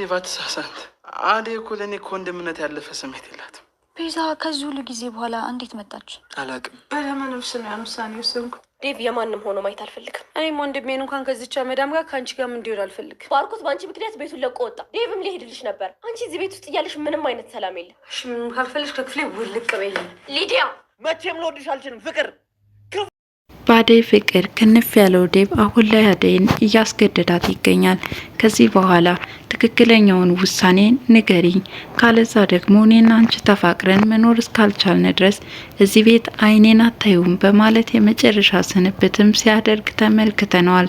እንዴ ባትሳሳት። አዴ እኮ ለእኔ እኮ ወንድምነት ያለፈ ስሜት የላትም። ቤዛ ከዚህ ሁሉ ጊዜ በኋላ እንዴት መጣች አላቅም። በለመንም ስም ያን ውሳኔ ወሰንኩት። ዴቭ የማንም ሆኖ ማየት አልፈልግም። እኔም ወንድሜን እንኳን ከዚቻ መዳም ጋር ከአንቺ ጋር እንዲሆን አልፈልግም። ባርኮት በአንቺ ምክንያት ቤቱን ለቆ ወጣ። ዴቭም ሊሄድልሽ ነበር። አንቺ እዚህ ቤት ውስጥ እያለሽ ምንም አይነት ሰላም የለም። እሺ ካልፈልግሽ ከክፍሌ ውልቅ በይልኝ። ሊዲያ መቼም ልወድሽ አልችልም ፍቅር በአደይ ፍቅር ክንፍ ያለው ዴብ አሁን ላይ አደይን እያስገደዳት ይገኛል። ከዚህ በኋላ ትክክለኛውን ውሳኔ ንገሪኝ፣ ካለዛ ደግሞ እኔና አንቺ ተፋቅረን መኖር እስካልቻልን ድረስ እዚህ ቤት አይኔን አታዩም በማለት የመጨረሻ ስንብትም ሲያደርግ ተመልክተነዋል።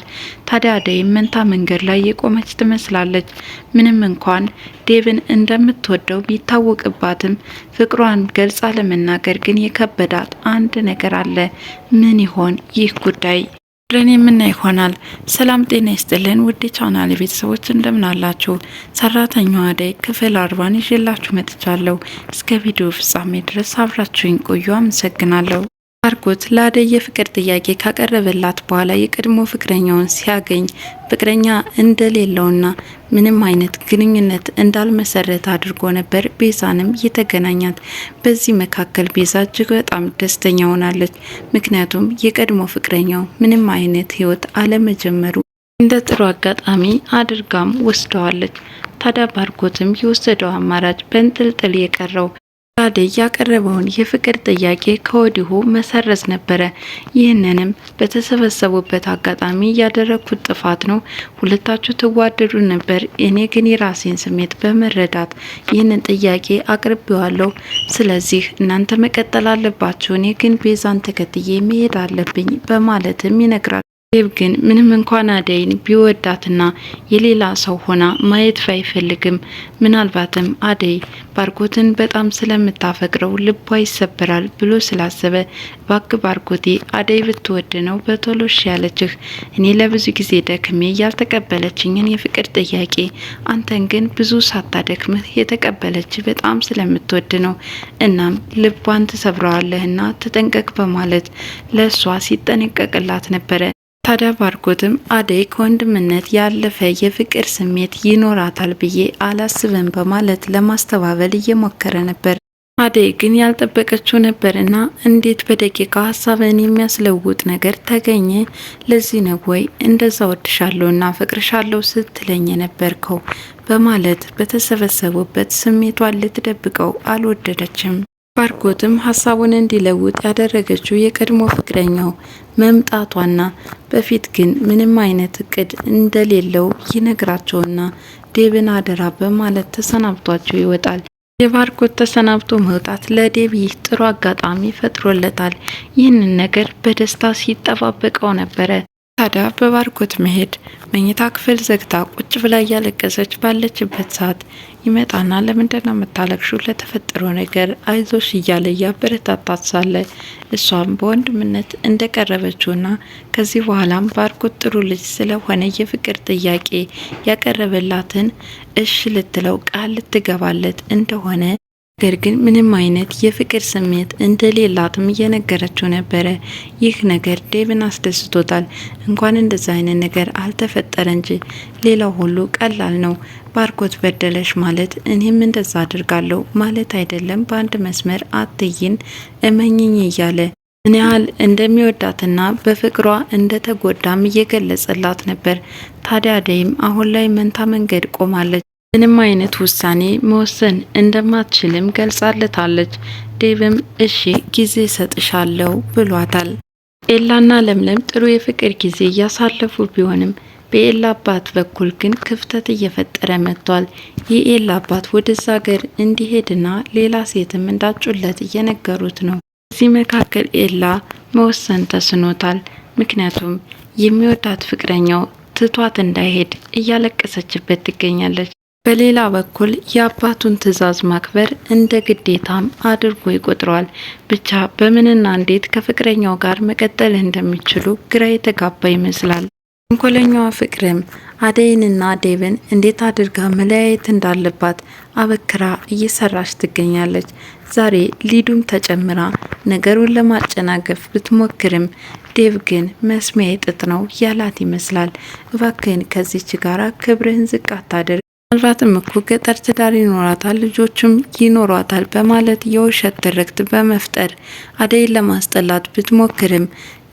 ታዲያ አደይ መንታ መንገድ ላይ የቆመች ትመስላለች። ምንም እንኳን ዴብን እንደምትወደው ቢታወቅባትም ፍቅሯን ገልጻ ለመናገር ግን የከበዳት አንድ ነገር አለ። ምን ይሆን? ይህ ጉዳይ ብለን የምና ይሆናል። ሰላም ጤና ይስጥልን ውድ ቻናል ቤተሰቦች እንደምን አላችሁ? ሰራተኛዋ አደይ ክፍል አርባን ይዤላችሁ መጥቻለሁ። እስከ ቪዲዮ ፍጻሜ ድረስ አብራችሁኝ ቆዩ። አመሰግናለሁ። ባርኮት ለአደይ የፍቅር ጥያቄ ካቀረበላት በኋላ የቀድሞ ፍቅረኛውን ሲያገኝ ፍቅረኛ እንደሌለውና ምንም አይነት ግንኙነት እንዳልመሰረት አድርጎ ነበር። ቤዛንም የተገናኛት በዚህ መካከል ቤዛ እጅግ በጣም ደስተኛ ሆናለች። ምክንያቱም የቀድሞ ፍቅረኛው ምንም አይነት ህይወት አለመጀመሩ እንደ ጥሩ አጋጣሚ አድርጋም ወስደዋለች። ታዲያ ባርኮትም የወሰደው አማራጭ በንጥልጥል የቀረው ራዴ ያቀረበውን የፍቅር ጥያቄ ከወዲሁ መሰረዝ ነበረ። ይህንንም በተሰበሰቡበት አጋጣሚ ያደረግኩት ጥፋት ነው። ሁለታችሁ ትዋደዱ ነበር፣ እኔ ግን የራሴን ስሜት በመረዳት ይህንን ጥያቄ አቅርቤዋለሁ። ስለዚህ እናንተ መቀጠል አለባችሁ፣ እኔ ግን ቤዛን ተከትዬ መሄድ አለብኝ በማለትም ይነግራል። ዴቭ ግን ምንም እንኳን አደይን ቢወዳትና የሌላ ሰው ሆና ማየት ባይፈልግም ምናልባትም አደይ ባርኮትን በጣም ስለምታፈቅረው ልቧ ይሰበራል ብሎ ስላሰበ ባክ ባርኮቴ አደይ ብትወድ ነው በቶሎሽ ያለችህ። እኔ ለብዙ ጊዜ ደክሜ ያልተቀበለችኝን የፍቅር ጥያቄ አንተን ግን ብዙ ሳታደክምህ የተቀበለች በጣም ስለምትወድ ነው። እናም ልቧን ትሰብረዋለህና ተጠንቀቅ በማለት ለእሷ ሲጠነቀቅላት ነበረ። ታዲያ ባርኮትም አደይ ከወንድምነት ያለፈ የፍቅር ስሜት ይኖራታል ብዬ አላስብም በማለት ለማስተባበል እየሞከረ ነበር። አደይ ግን ያልጠበቀችው ነበርና እንዴት በደቂቃ ሀሳብን የሚያስለውጥ ነገር ተገኘ? ለዚህ ነው ወይ እንደዛ ወድሻለሁና ፍቅርሻለሁ ስትለኝ የነበርከው በማለት በተሰበሰቡበት ስሜቷን ልትደብቀው አልወደደችም። ባርኮትም ሀሳቡን እንዲለውጥ ያደረገችው የቀድሞ ፍቅረኛው መምጣቷና በፊት ግን ምንም አይነት እቅድ እንደሌለው ይነግራቸውና ዴብን አደራ በማለት ተሰናብቷቸው ይወጣል። የባርኮት ተሰናብቶ መውጣት ለዴብ ይህ ጥሩ አጋጣሚ ፈጥሮለታል። ይህንን ነገር በደስታ ሲጠባበቀው ነበረ። ታዲያ በባርኮት መሄድ መኝታ ክፍል ዘግታ ቁጭ ብላ እያለቀሰች ባለችበት ሰዓት ይመጣና ለምንድን የምታለቅሹ? ለተፈጠረው ነገር አይዞሽ እያለ እያበረታታት ሳለ እሷም በወንድምነት እንደቀረበችውና ከዚህ በኋላም ባርኮት ጥሩ ልጅ ስለሆነ የፍቅር ጥያቄ ያቀረበላትን እሽ ልትለው ቃል ልትገባለት እንደሆነ ነገር ግን ምንም አይነት የፍቅር ስሜት እንደሌላትም እየነገረችው ነበረ። ይህ ነገር ዴቭን አስደስቶታል። እንኳን እንደዛ አይነት ነገር አልተፈጠረ እንጂ ሌላው ሁሉ ቀላል ነው። ባርኮት በደለሽ ማለት እኔም እንደዛ አድርጋለሁ ማለት አይደለም። በአንድ መስመር አትይን እመኝኝ እያለ ምን ያህል እንደሚወዳትና በፍቅሯ እንደተጎዳም እየገለጸላት ነበር። ታዲያ አደይም አሁን ላይ መንታ መንገድ ቆማለች። ምንም አይነት ውሳኔ መወሰን እንደማትችልም ገልጻለታለች። ዴብም እሺ ጊዜ ሰጥሻለው ብሏታል። ኤላና ለምለም ጥሩ የፍቅር ጊዜ እያሳለፉ ቢሆንም በኤላ አባት በኩል ግን ክፍተት እየፈጠረ መጥቷል። የኤላ አባት ወደዛ ሀገር እንዲሄድና ሌላ ሴትም እንዳጩለት እየነገሩት ነው። እዚህ መካከል ኤላ መወሰን ተስኖታል። ምክንያቱም የሚወዳት ፍቅረኛው ትቷት እንዳይሄድ እያለቀሰችበት ትገኛለች። በሌላ በኩል የአባቱን ትዕዛዝ ማክበር እንደ ግዴታም አድርጎ ይቆጥረዋል። ብቻ በምንና እንዴት ከፍቅረኛው ጋር መቀጠል እንደሚችሉ ግራ የተጋባ ይመስላል። ተንኮለኛዋ ፍቅርም አደይንና ዴብን እንዴት አድርጋ መለያየት እንዳለባት አበክራ እየሰራች ትገኛለች። ዛሬ ሊዱም ተጨምራ ነገሩን ለማጨናገፍ ብትሞክርም ዴቭ ግን መስሚያ የጥጥ ነው ያላት ይመስላል። እባክህን ከዚች ጋራ ክብርህን ዝቅ አታደርግ። ምናልባትም እኮ ገጠር ትዳር ይኖራታል ልጆችም ይኖሯታል በማለት የውሸት ትርክት በመፍጠር አደይን ለማስጠላት ብትሞክርም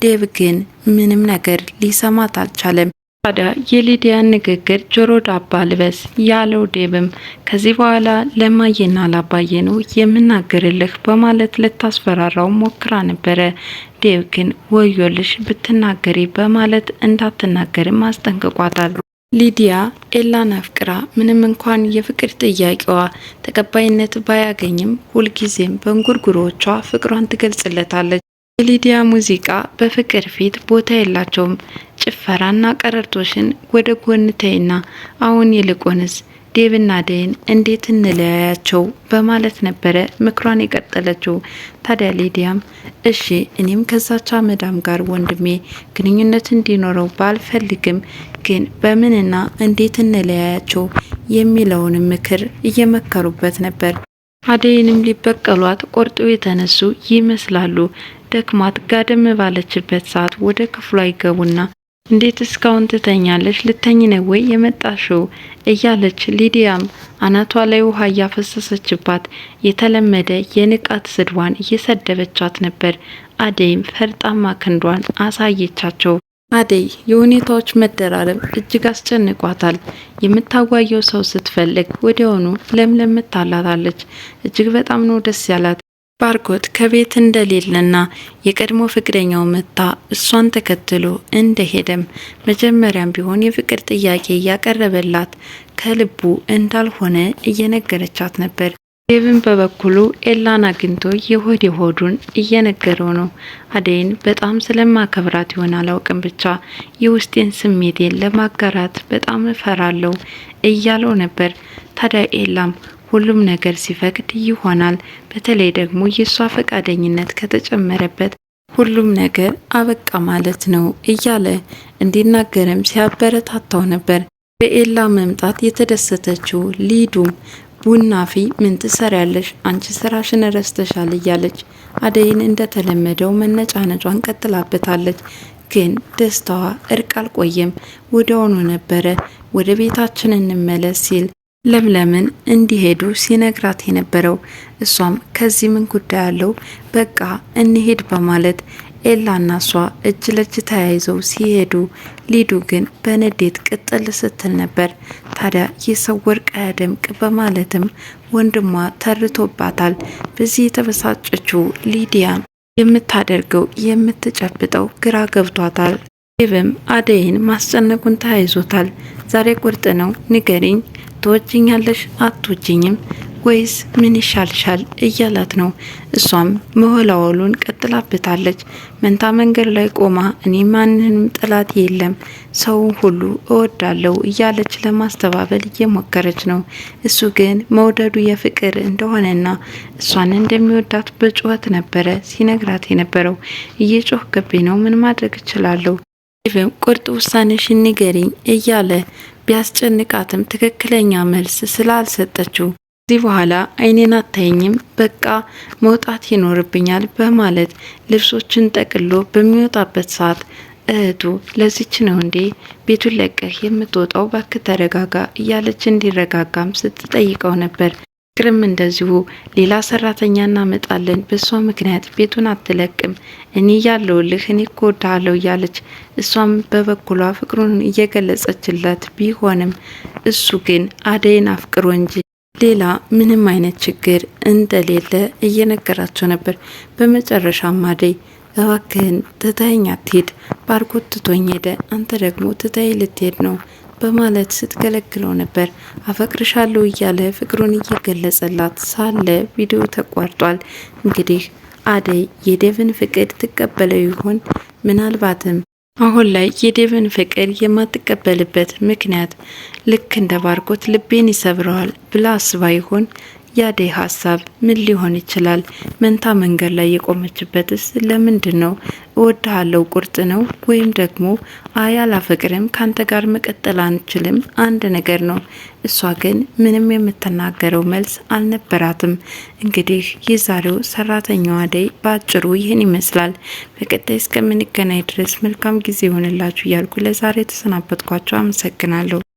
ዴብ ግን ምንም ነገር ሊሰማት አልቻለም። ታዲያ የሊዲያን ንግግር ጆሮ ዳባ ልበስ ያለው ዴብም ከዚህ በኋላ ለማየና ላባየ ነው የምናገርልህ በማለት ልታስፈራራው ሞክራ ነበረ። ዴብ ግን ወዮልሽ ብትናገሪ በማለት እንዳትናገርም አስጠንቅቋታል። ሊዲያ ኤላን አፍቅራ ምንም እንኳን የፍቅር ጥያቄዋ ተቀባይነት ባያገኝም ሁልጊዜም በእንጉርጉሮቿ ፍቅሯን ትገልጽለታለች። የሊዲያ ሙዚቃ በፍቅር ፊት ቦታ የላቸውም። ጭፈራና ቀረርቶሽን ወደ ጎን ተይና አሁን ይልቁንስ ዴብና ደይን እንዴት እንለያያቸው በማለት ነበረ ምክሯን የቀጠለችው። ታዲያ ሊዲያም እሺ እኔም ከዛች መዳም ጋር ወንድሜ ግንኙነት እንዲኖረው ባልፈልግም ግን በምንና እንዴት እንለያያቸው የሚለውን ምክር እየመከሩበት ነበር። አደይንም ሊበቀሏት ቆርጦ የተነሱ ይመስላሉ። ደክማት ጋደም ባለችበት ሰዓት ወደ ክፍሏ ይገቡና እንዴት እስካሁን ትተኛለች? ልተኝ ነው ወይ የመጣሽው? እያለች ሊዲያም አናቷ ላይ ውሃ እያፈሰሰችባት የተለመደ የንቃት ስድዋን እየሰደበቻት ነበር። አደይም ፈርጣማ ክንዷን አሳየቻቸው። አደይ የሁኔታዎች መደራረብ እጅግ አስጨንቋታል። የምታዋየው ሰው ስትፈልግ ወዲያውኑ ለምለም ታላታለች። እጅግ በጣም ነው ደስ ያላት። ባርኮት ከቤት እንደሌለና የቀድሞ ፍቅረኛው መታ እሷን ተከትሎ እንደሄደም መጀመሪያም ቢሆን የፍቅር ጥያቄ እያቀረበላት ከልቡ እንዳልሆነ እየነገረቻት ነበር። ዴቭን በበኩሉ ኤላን አግኝቶ የሆድ የሆዱን እየነገረው ነው። አደይን በጣም ስለማከብራት ይሆን አላውቅም፣ ብቻ የውስጤን ስሜቴን ለማጋራት በጣም እፈራለሁ እያለው ነበር። ታዲያ ኤላም ሁሉም ነገር ሲፈቅድ ይሆናል። በተለይ ደግሞ የእሷ ፈቃደኝነት ከተጨመረበት ሁሉም ነገር አበቃ ማለት ነው እያለ እንዲናገርም ሲያበረታታው ነበር። በኤላ መምጣት የተደሰተችው ሊዱም ቡናፊ ምን ትሰሪያለሽ? አንቺ ስራሽን ረስተሻል እያለች አደይን እንደተለመደው መነጫነጯን ቀጥላበታለች። ግን ደስታዋ እርቅ አልቆየም። ወዲያውኑ ነበረ ወደ ቤታችን እንመለስ ሲል ለምለምን እንዲሄዱ ሲነግራት የነበረው እሷም ከዚህ ምን ጉዳይ አለው በቃ እንሄድ በማለት ኤላና እሷ እጅ ለእጅ ተያይዘው ሲሄዱ ሊዱ ግን በንዴት ቅጥል ስትል ነበር። ታዲያ የሰው ወርቅ አያደምቅ በማለትም ወንድሟ ተርቶባታል። በዚህ የተበሳጨችው ሊዲያ የምታደርገው የምትጨብጠው ግራ ገብቷታል። ይብም አደይን ማስጨነቁን ተያይዞታል። ዛሬ ቁርጥ ነው ንገሪኝ ትወጅኛለሽ አትወጅኝም ወይስ ምን ይሻልሻል እያላት ነው። እሷም መወላወሉን ቀጥላብታለች መንታ መንገድ ላይ ቆማ እኔ ማንንም ጠላት የለም ሰው ሁሉ እወዳለው እያለች ለማስተባበል እየሞከረች ነው። እሱ ግን መውደዱ የፍቅር እንደሆነና እሷን እንደሚወዳት በጩኸት ነበረ ሲነግራት የነበረው። እየጮህ ገቤ ነው ምን ማድረግ እችላለሁ? ቁርጥ ውሳኔሽን ንገሪኝ እያለ ቢያስጨንቃትም ትክክለኛ መልስ ስላልሰጠችው ከዚህ በኋላ አይኔን አታየኝም፣ በቃ መውጣት ይኖርብኛል በማለት ልብሶችን ጠቅሎ በሚወጣበት ሰዓት እህቱ ለዚች ነው እንዴ ቤቱን ለቀህ የምትወጣው? ባክ ተረጋጋ እያለች እንዲረጋጋም ስትጠይቀው ነበር። ክርም እንደዚሁ ሌላ ሰራተኛ እናመጣለን፣ በእሷ ምክንያት ቤቱን አትለቅም፣ እኔ እያለሁልህ፣ እኔ እኮ እያለች እሷም በበኩሏ ፍቅሩን እየገለጸችለት ቢሆንም እሱ ግን አደይን አፍቅሮ እንጂ ሌላ ምንም አይነት ችግር እንደሌለ እየነገራቸው ነበር። በመጨረሻም አደይ እባክህን ትተኸኝ አትሄድ፣ ባርኮት ትቶኝ ሄደ፣ አንተ ደግሞ ትተኸኝ ልትሄድ ነው በማለት ስትገለግለው ነበር። አፈቅርሻለሁ እያለ ፍቅሩን እየገለጸላት ሳለ ቪዲዮ ተቋርጧል። እንግዲህ አደይ የዴቭን ፍቅር ትቀበለው ይሆን? ምናልባትም አሁን ላይ የዴቭን ፍቅር የማትቀበልበት ምክንያት ልክ እንደ ባርኮት ልቤን ይሰብረዋል ብላ አስባ ይሆን? የአደይ ሀሳብ ምን ሊሆን ይችላል? መንታ መንገድ ላይ የቆመችበትስ ለምንድን ነው? እወድሃለው ቁርጥ ነው ወይም ደግሞ አይ አላፈቅርም፣ ካንተ ጋር መቀጠል አንችልም አንድ ነገር ነው። እሷ ግን ምንም የምትናገረው መልስ አልነበራትም። እንግዲህ የዛሬው ሰራተኛዋ አደይ በአጭሩ ይህን ይመስላል። በቀጣይ እስከምንገናኝ ድረስ መልካም ጊዜ ይሆንላችሁ እያልኩ ለዛሬ የተሰናበትኳቸው አመሰግናለሁ።